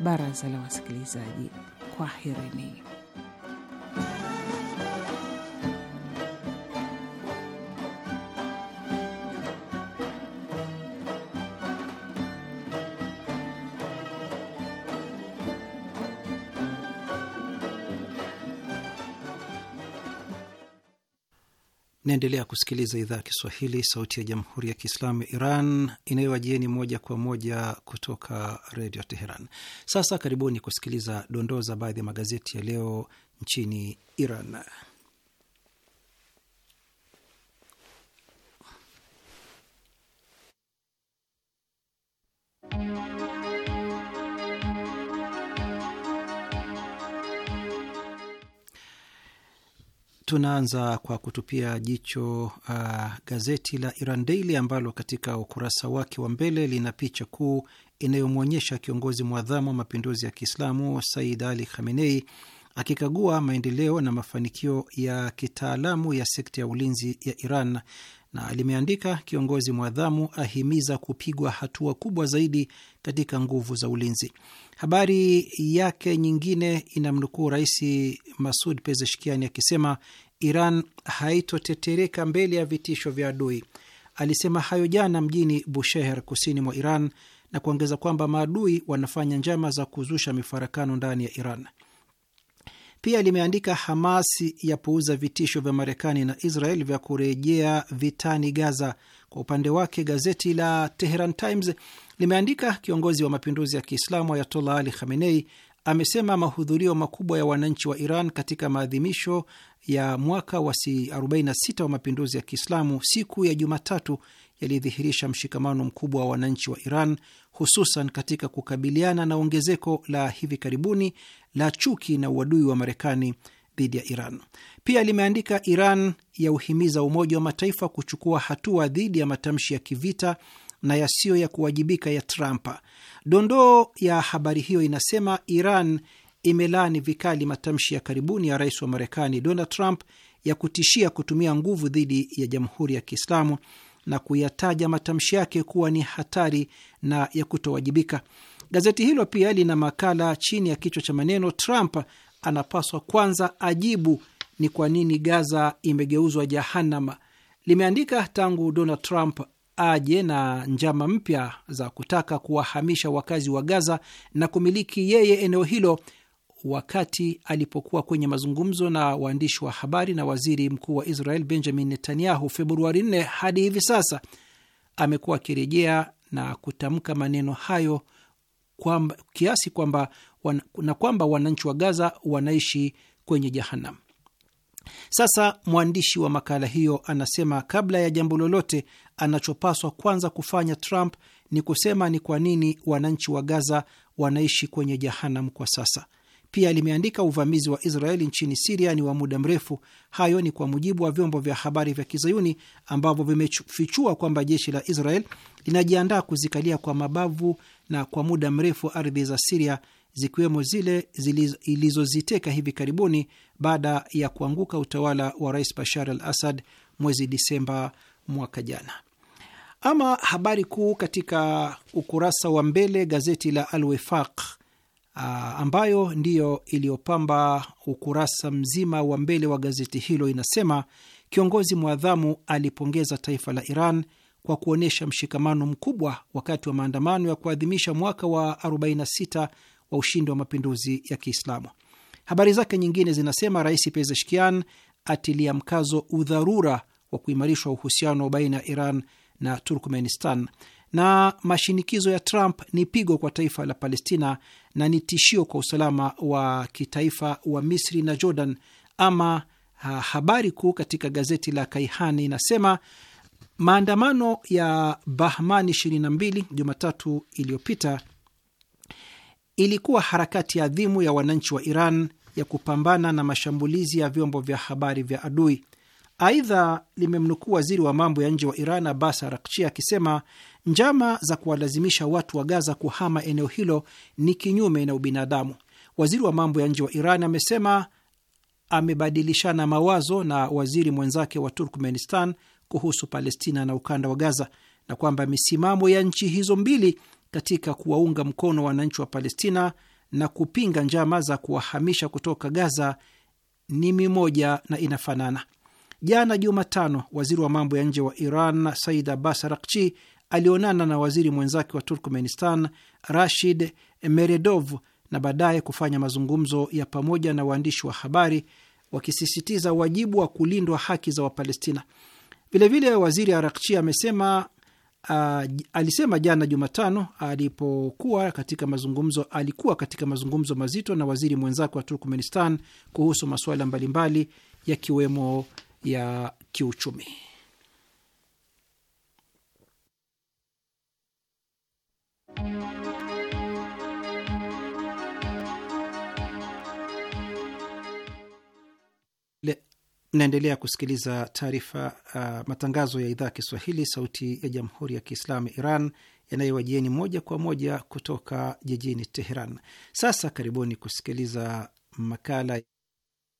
baraza la wasikilizaji. Kwaherini. Naendelea kusikiliza idhaa ya Kiswahili, sauti ya jamhuri ya kiislamu ya Iran inayowajieni moja kwa moja kutoka redio Teheran. Sasa karibuni kusikiliza dondoo za baadhi ya magazeti ya leo nchini Iran. Tunaanza kwa kutupia jicho uh, gazeti la Iran Daily ambalo katika ukurasa wake wa mbele lina picha kuu inayomwonyesha kiongozi mwadhamu wa mapinduzi ya Kiislamu Said Ali Khamenei akikagua maendeleo na mafanikio ya kitaalamu ya sekta ya ulinzi ya Iran, na limeandika kiongozi mwadhamu ahimiza kupigwa hatua kubwa zaidi katika nguvu za ulinzi. Habari yake nyingine inamnukuu Rais Masud Pezeshkiani akisema Iran haitotetereka mbele ya vitisho vya adui. Alisema hayo jana mjini Bushehr, kusini mwa Iran, na kuongeza kwamba maadui wanafanya njama za kuzusha mifarakano ndani ya Iran. Pia limeandika Hamas yapuuza vitisho vya Marekani na Israel vya kurejea vitani Gaza. Kwa upande wake gazeti la Teheran Times limeandika kiongozi wa mapinduzi ya Kiislamu Ayatollah Ali Khamenei amesema mahudhurio makubwa ya wananchi wa Iran katika maadhimisho ya mwaka wa 46 wa mapinduzi ya Kiislamu siku ya Jumatatu yalidhihirisha mshikamano mkubwa wa wananchi wa Iran hususan katika kukabiliana na ongezeko la hivi karibuni la chuki na uadui wa Marekani dhidi ya Iran. Pia limeandika Iran ya uhimiza Umoja wa Mataifa kuchukua hatua dhidi ya matamshi ya kivita na yasiyo ya kuwajibika ya Trump. Dondoo ya habari hiyo inasema Iran imelaani vikali matamshi ya karibuni ya rais wa Marekani Donald Trump ya kutishia kutumia nguvu dhidi ya Jamhuri ya Kiislamu na kuyataja matamshi yake kuwa ni hatari na ya kutowajibika. Gazeti hilo pia lina makala chini ya kichwa cha maneno Trump anapaswa kwanza ajibu ni kwa nini Gaza imegeuzwa jahanama. Limeandika tangu Donald Trump aje na njama mpya za kutaka kuwahamisha wakazi wa Gaza na kumiliki yeye eneo hilo wakati alipokuwa kwenye mazungumzo na waandishi wa habari na waziri mkuu wa Israel Benjamin Netanyahu Februari 4 hadi hivi sasa amekuwa akirejea na kutamka maneno hayo kwamba, kiasi kwamba na kwamba wananchi wa Gaza wanaishi kwenye jahanamu. Sasa mwandishi wa makala hiyo anasema kabla ya jambo lolote, anachopaswa kwanza kufanya Trump ni kusema ni kwa nini wananchi wa Gaza wanaishi kwenye jehanamu kwa sasa. Pia limeandika uvamizi wa Israeli nchini Siria ni wa muda mrefu. Hayo ni kwa mujibu wa vyombo vya habari vya kizayuni ambavyo vimefichua kwamba jeshi la Israel linajiandaa kuzikalia kwa mabavu na kwa muda mrefu ardhi za Siria zikiwemo zile ilizoziteka hivi karibuni baada ya kuanguka utawala wa Rais Bashar al Assad mwezi Disemba mwaka jana. Ama habari kuu katika ukurasa wa mbele gazeti la Al Wefaq ah, ambayo ndiyo iliyopamba ukurasa mzima wa mbele wa gazeti hilo inasema kiongozi mwadhamu alipongeza taifa la Iran kwa kuonyesha mshikamano mkubwa wakati wa maandamano ya kuadhimisha mwaka wa 46 wa ushindi wa mapinduzi ya Kiislamu. Habari zake nyingine zinasema Rais Pezeshkian atilia mkazo udharura wa kuimarishwa uhusiano baina ya Iran na Turkmenistan, na mashinikizo ya Trump ni pigo kwa taifa la Palestina na ni tishio kwa usalama wa kitaifa wa Misri na Jordan. Ama ha, habari kuu katika gazeti la Kaihani inasema maandamano ya Bahman 22 Jumatatu iliyopita ilikuwa harakati adhimu ya wananchi wa Iran ya kupambana na mashambulizi ya vyombo vya habari vya adui. Aidha, limemnukuu waziri wa mambo ya nje wa Iran Abbas Arakchi akisema njama za kuwalazimisha watu wa Gaza kuhama eneo hilo ni kinyume na ubinadamu. Waziri wa mambo ya nje wa Iran amesema amebadilishana mawazo na waziri mwenzake wa Turkmenistan kuhusu Palestina na ukanda wa Gaza na kwamba misimamo ya nchi hizo mbili katika kuwaunga mkono wananchi wa Palestina na kupinga njama za kuwahamisha kutoka Gaza ni mimoja na inafanana. Jana Jumatano, waziri wa mambo ya nje wa Iran Said Abbas arakchi alionana na waziri mwenzake wa Turkmenistan Rashid Meredov na baadaye kufanya mazungumzo ya pamoja na waandishi wa habari wakisisitiza wajibu wa kulindwa haki za Wapalestina. Vilevile, waziri Arakchi amesema Uh, alisema jana Jumatano alipokuwa katika mazungumzo, alikuwa katika mazungumzo mazito na waziri mwenzake wa Turkmenistan kuhusu masuala mbalimbali yakiwemo ya kiuchumi. Mnaendelea kusikiliza taarifa uh, matangazo ya idhaa ya Kiswahili, sauti ya jamhuri ya kiislamu Iran yanayowajieni moja kwa moja kutoka jijini Teheran. Sasa karibuni kusikiliza makala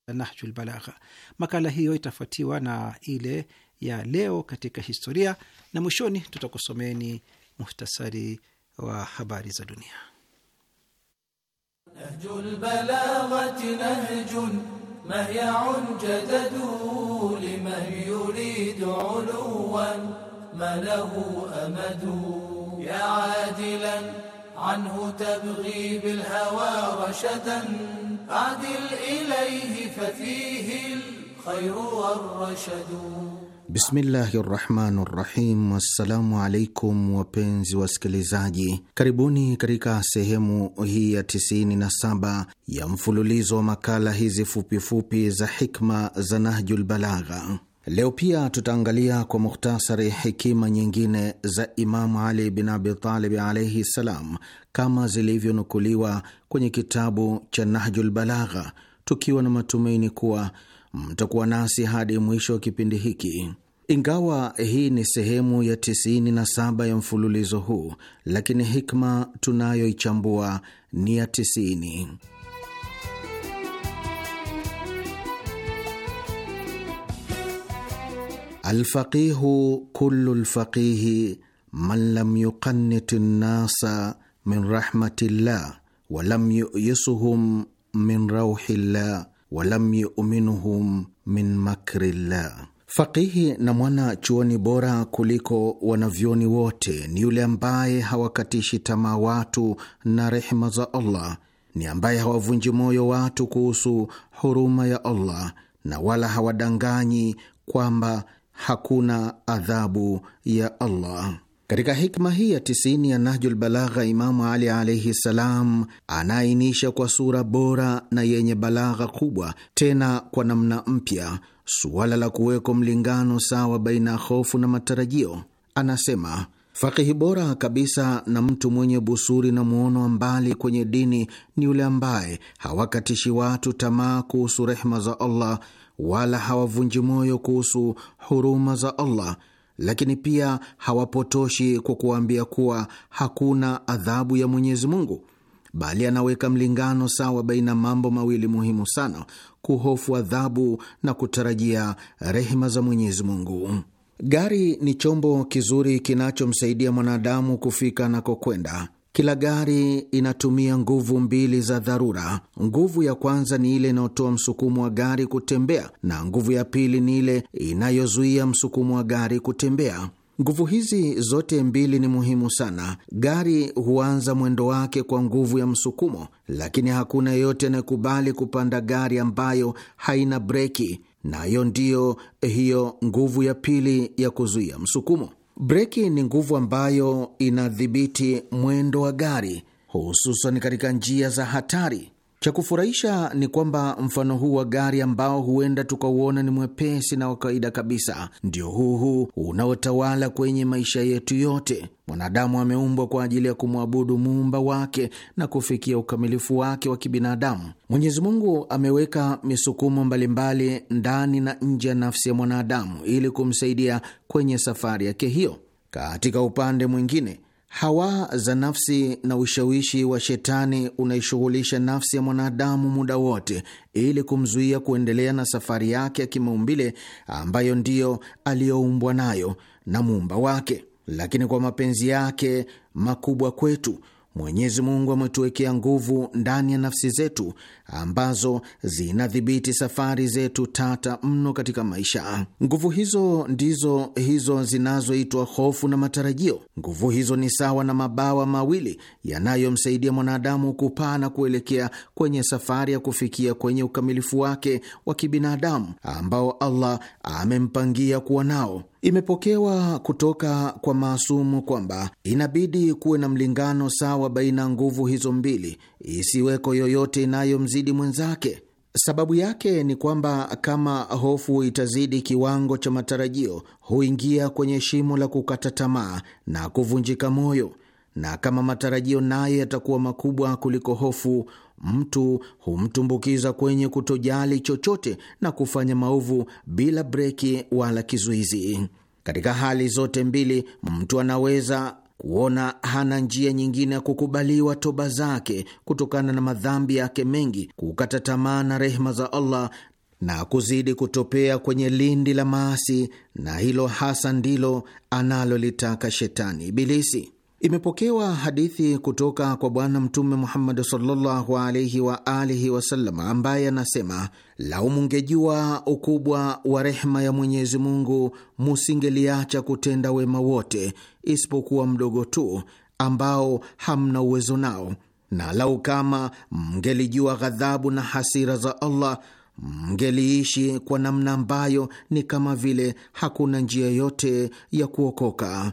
ya Nahjul Balagha. Makala hiyo itafuatiwa na ile ya leo katika historia, na mwishoni tutakusomeni muhtasari wa habari za dunia. Nahjul Balagha, مهيع جدد لمن يريد علوا ما له أمد يا عادلا عنه تبغي بالهوى رشدا عدل إليه ففيه الخير والرشد Bismillahi rahmani rahim. Assalamu alaikum wapenzi wasikilizaji, karibuni katika sehemu hii ya 97 ya mfululizo wa makala hizi fupifupi za hikma za Nahjul Balagha. Leo pia tutaangalia kwa mukhtasari hekima nyingine za Imamu Ali bin Abitalib alaihi ssalam, kama zilivyonukuliwa kwenye kitabu cha Nahjul Balagha, tukiwa na matumaini kuwa mtakuwa nasi hadi mwisho wa kipindi hiki. Ingawa hii ni sehemu ya 97 ya mfululizo huu, lakini hikma tunayoichambua ni ya 90. Alfaqihu kullu lfaqihi man lam yuqannit nnasa min rahmati wa lam yuyisuhum min rauhi llah walam yuminuhum min makrillah. Fakihi na mwana chuoni bora kuliko wanavyoni wote ni yule ambaye hawakatishi tamaa watu na rehema za Allah, ni ambaye hawavunji moyo watu kuhusu huruma ya Allah na wala hawadanganyi kwamba hakuna adhabu ya Allah. Katika hikma hii ya tisini ya Nahjul Balagha, Imamu Ali alaihi ssalam anaainisha kwa sura bora na yenye balagha kubwa, tena kwa namna mpya, suala la kuweko mlingano sawa baina ya hofu na matarajio. Anasema fakihi bora kabisa na mtu mwenye busuri na mwono wa mbali kwenye dini ni yule ambaye hawakatishi watu tamaa kuhusu rehma za Allah, wala hawavunji moyo kuhusu huruma za Allah lakini pia hawapotoshi kwa kuwaambia kuwa hakuna adhabu ya Mwenyezi Mungu, bali anaweka mlingano sawa baina mambo mawili muhimu sana: kuhofu adhabu na kutarajia rehema za Mwenyezi Mungu. Gari ni chombo kizuri kinachomsaidia mwanadamu kufika anakokwenda kila gari inatumia nguvu mbili za dharura. Nguvu ya kwanza ni ile inayotoa msukumo wa gari kutembea, na nguvu ya pili ni ile inayozuia msukumo wa gari kutembea. Nguvu hizi zote mbili ni muhimu sana. Gari huanza mwendo wake kwa nguvu ya msukumo, lakini hakuna yeyote anayekubali kupanda gari ambayo haina breki, nayo ndiyo hiyo nguvu ya pili ya kuzuia msukumo. Breki ni nguvu ambayo inadhibiti mwendo wa gari, hususan katika njia za hatari. Cha kufurahisha ni kwamba mfano huu wa gari ambao huenda tukauona ni mwepesi na wa kawaida kabisa, ndio huu huu unaotawala kwenye maisha yetu yote. Mwanadamu ameumbwa kwa ajili ya kumwabudu muumba wake na kufikia ukamilifu wake wa kibinadamu. Mwenyezi Mungu ameweka misukumo mbalimbali ndani na nje ya nafsi ya mwanadamu ili kumsaidia kwenye safari yake hiyo. Katika upande mwingine, hawa za nafsi na ushawishi wa shetani unaishughulisha nafsi ya mwanadamu muda wote ili kumzuia kuendelea na safari yake ya kimaumbile ambayo ndiyo aliyoumbwa nayo na muumba wake. Lakini kwa mapenzi yake makubwa kwetu Mwenyezi Mungu ametuwekea nguvu ndani ya nafsi zetu ambazo zinadhibiti safari zetu tata mno katika maisha. Nguvu hizo ndizo hizo zinazoitwa hofu na matarajio. Nguvu hizo ni sawa na mabawa mawili yanayomsaidia mwanadamu kupaa na kuelekea kwenye safari ya kufikia kwenye ukamilifu wake wa kibinadamu ambao Allah amempangia kuwa nao. Imepokewa kutoka kwa maasumu kwamba inabidi kuwe na mlingano sawa baina ya nguvu hizo mbili, isiweko yoyote inayomzidi mwenzake. Sababu yake ni kwamba kama hofu itazidi kiwango cha matarajio, huingia kwenye shimo la kukata tamaa na kuvunjika moyo, na kama matarajio naye yatakuwa makubwa kuliko hofu, mtu humtumbukiza kwenye kutojali chochote na kufanya maovu bila breki wala kizuizi. Katika hali zote mbili, mtu anaweza kuona hana njia nyingine ya kukubaliwa toba zake kutokana na madhambi yake mengi, kukata tamaa na rehema za Allah na kuzidi kutopea kwenye lindi la maasi, na hilo hasa ndilo analolitaka shetani Ibilisi. Imepokewa hadithi kutoka kwa Bwana Mtume Muhammad sallallahu alaihi wa alihi wasallam, ambaye anasema, lau mungejua ukubwa wa rehma ya Mwenyezi Mungu musingeliacha kutenda wema wote isipokuwa mdogo tu ambao hamna uwezo nao, na lau kama mngelijua ghadhabu na hasira za Allah mngeliishi kwa namna ambayo ni kama vile hakuna njia yote ya kuokoka.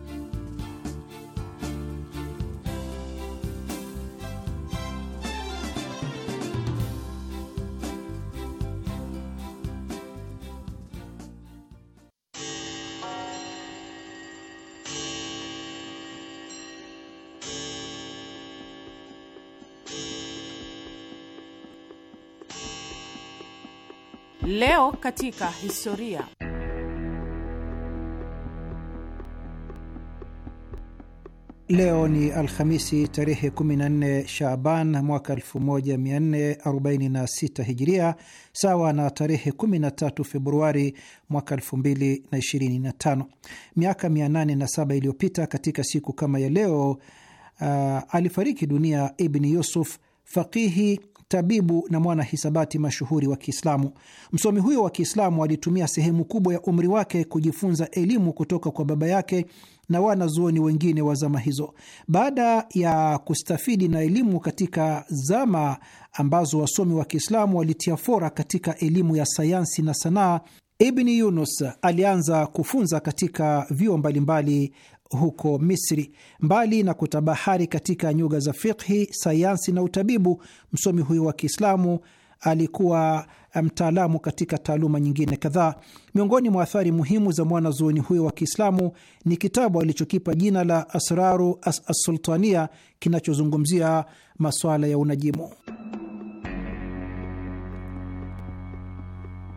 Leo katika historia. Leo ni Alhamisi tarehe 14 Shaban mwaka 1446 Hijiria, sawa na tarehe 13 Februari mwaka 2025. Miaka 807 iliyopita katika siku kama ya leo, uh, alifariki dunia Ibni Yusuf, faqihi tabibu na mwana hisabati mashuhuri wa Kiislamu. Msomi huyo wa Kiislamu alitumia sehemu kubwa ya umri wake kujifunza elimu kutoka kwa baba yake na wanazuoni wengine wa zama hizo. Baada ya kustafidi na elimu katika zama ambazo wasomi wa Kiislamu walitia fora katika elimu ya sayansi na sanaa, Ibni Yunus alianza kufunza katika vyuo mbalimbali huko Misri. Mbali na kutabahari katika nyuga za fiqhi sayansi na utabibu, msomi huyo wa Kiislamu alikuwa mtaalamu katika taaluma nyingine kadhaa. Miongoni mwa athari muhimu za mwanazuoni huyo wa Kiislamu ni kitabu alichokipa jina la Asraru Assultania kinachozungumzia masuala ya unajimu.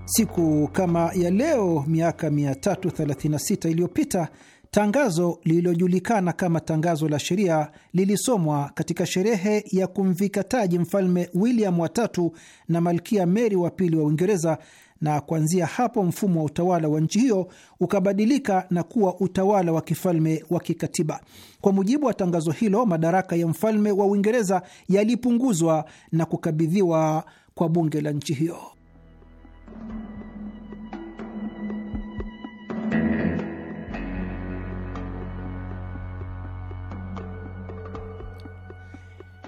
Siku kama ya leo miaka 336 iliyopita Tangazo lililojulikana kama tangazo la sheria lilisomwa katika sherehe ya kumvika taji mfalme William watatu na malkia Mary wa pili wa Uingereza, na kuanzia hapo mfumo wa utawala wa nchi hiyo ukabadilika na kuwa utawala wa kifalme wa kikatiba. Kwa mujibu wa tangazo hilo, madaraka ya mfalme wa Uingereza yalipunguzwa na kukabidhiwa kwa bunge la nchi hiyo.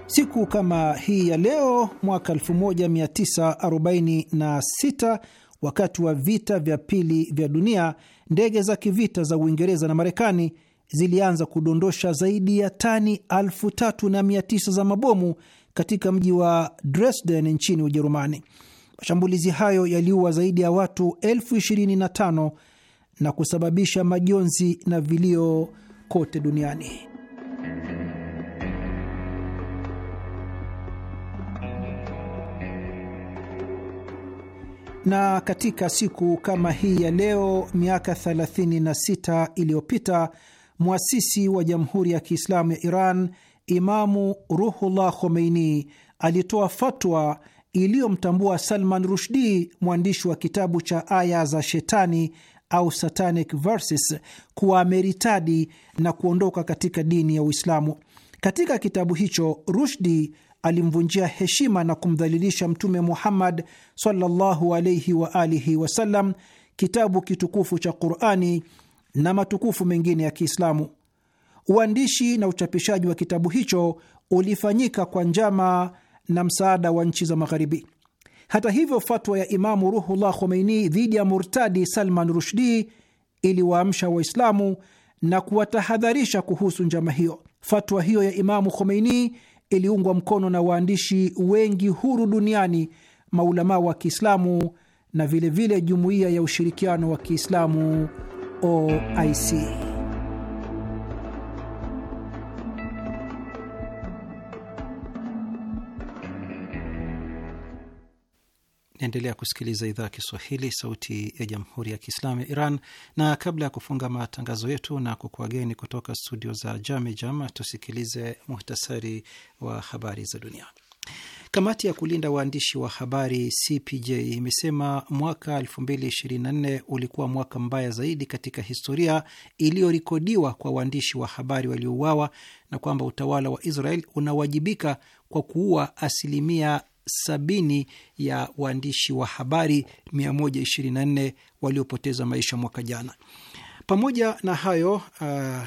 Siku kama hii ya leo mwaka 1946 wakati wa vita vya pili vya dunia, ndege za kivita za Uingereza na Marekani zilianza kudondosha zaidi ya tani 3900 za mabomu katika mji wa Dresden nchini Ujerumani. Mashambulizi hayo yaliua zaidi ya watu 25 na kusababisha majonzi na vilio kote duniani. Na katika siku kama hii ya leo miaka 36 iliyopita mwasisi wa Jamhuri ya Kiislamu ya Iran Imamu Ruhullah Khomeini alitoa fatwa iliyomtambua Salman rushdi mwandishi wa kitabu cha Aya za Shetani au Satanic Verses, kuwa meritadi na kuondoka katika dini ya Uislamu. Katika kitabu hicho Rushdi alimvunjia heshima na kumdhalilisha Mtume Muhammad sallallahu alaihi wa alihi wasallam, kitabu kitukufu cha Qurani na matukufu mengine ya Kiislamu. Uandishi na uchapishaji wa kitabu hicho ulifanyika kwa njama na msaada wa nchi za Magharibi. Hata hivyo, fatwa ya Imamu Ruhullah Khomeini dhidi ya murtadi Salman Rushdi iliwaamsha Waislamu na kuwatahadharisha kuhusu njama hiyo. Fatwa hiyo ya Imamu Khomeini iliungwa mkono na waandishi wengi huru duniani, maulamaa wa Kiislamu na vilevile vile jumuiya ya ushirikiano wa Kiislamu OIC. Naendelea kusikiliza idhaa ya Kiswahili, sauti ya jamhuri ya kiislamu ya Iran. Na kabla ya kufunga matangazo yetu na kukuageni kutoka studio za Jamejam, tusikilize muhtasari wa habari za dunia. Kamati ya kulinda waandishi wa habari CPJ imesema mwaka 2024 ulikuwa mwaka mbaya zaidi katika historia iliyorekodiwa kwa waandishi wa habari waliouawa na kwamba utawala wa Israel unawajibika kwa kuua asilimia sabini ya waandishi wa habari 124 waliopoteza maisha mwaka jana. Pamoja na hayo, uh,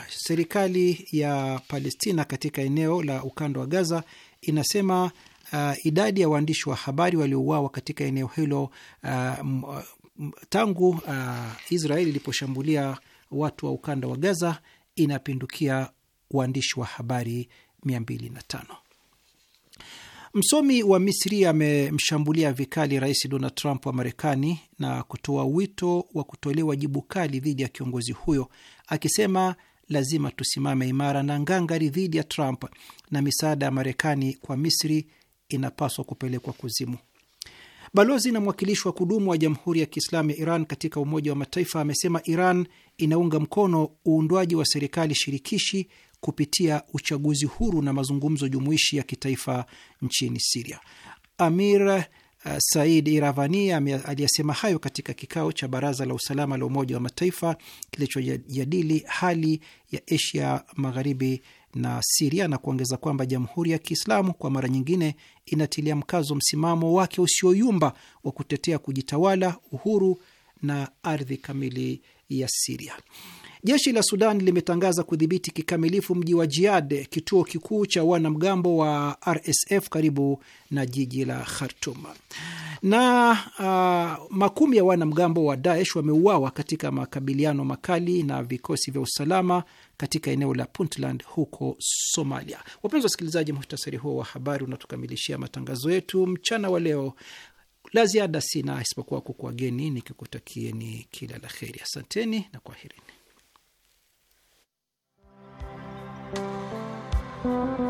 serikali ya Palestina katika eneo la ukanda wa Gaza inasema uh, idadi ya waandishi wa habari waliouawa katika eneo hilo uh, tangu uh, Israel iliposhambulia watu wa ukanda wa Gaza inapindukia waandishi wa habari 205. Msomi wa Misri amemshambulia vikali Rais Donald Trump wa Marekani na kutoa wito wa kutolewa jibu kali dhidi ya kiongozi huyo akisema lazima tusimame imara na ngangari dhidi ya Trump na misaada ya Marekani kwa Misri inapaswa kupelekwa kuzimu. Balozi na mwakilishi wa kudumu wa Jamhuri ya Kiislamu ya Iran katika Umoja wa Mataifa amesema Iran inaunga mkono uundwaji wa serikali shirikishi kupitia uchaguzi huru na mazungumzo jumuishi ya kitaifa nchini Siria. Amir uh, Said Iravani aliyesema hayo katika kikao cha baraza la usalama la Umoja wa Mataifa kilichojadili hali ya Asia Magharibi na Siria na kuongeza kwamba Jamhuri ya Kiislamu kwa mara nyingine inatilia mkazo msimamo wake usioyumba wa kutetea kujitawala, uhuru na ardhi kamili ya Siria. Jeshi la Sudan limetangaza kudhibiti kikamilifu mji wa jiade kituo kikuu cha wanamgambo wa RSF karibu na jiji la Khartum. Na uh, makumi ya wanamgambo wa Daesh wameuawa katika makabiliano makali na vikosi vya usalama katika eneo la Puntland huko Somalia. Wapenzi wasikilizaji, muhtasari huo wa habari unatukamilishia matangazo yetu mchana wa leo. La ziada sina isipokuwa kukuageni nikikutakieni kila la heri. Asanteni na kwaherini. Thank you.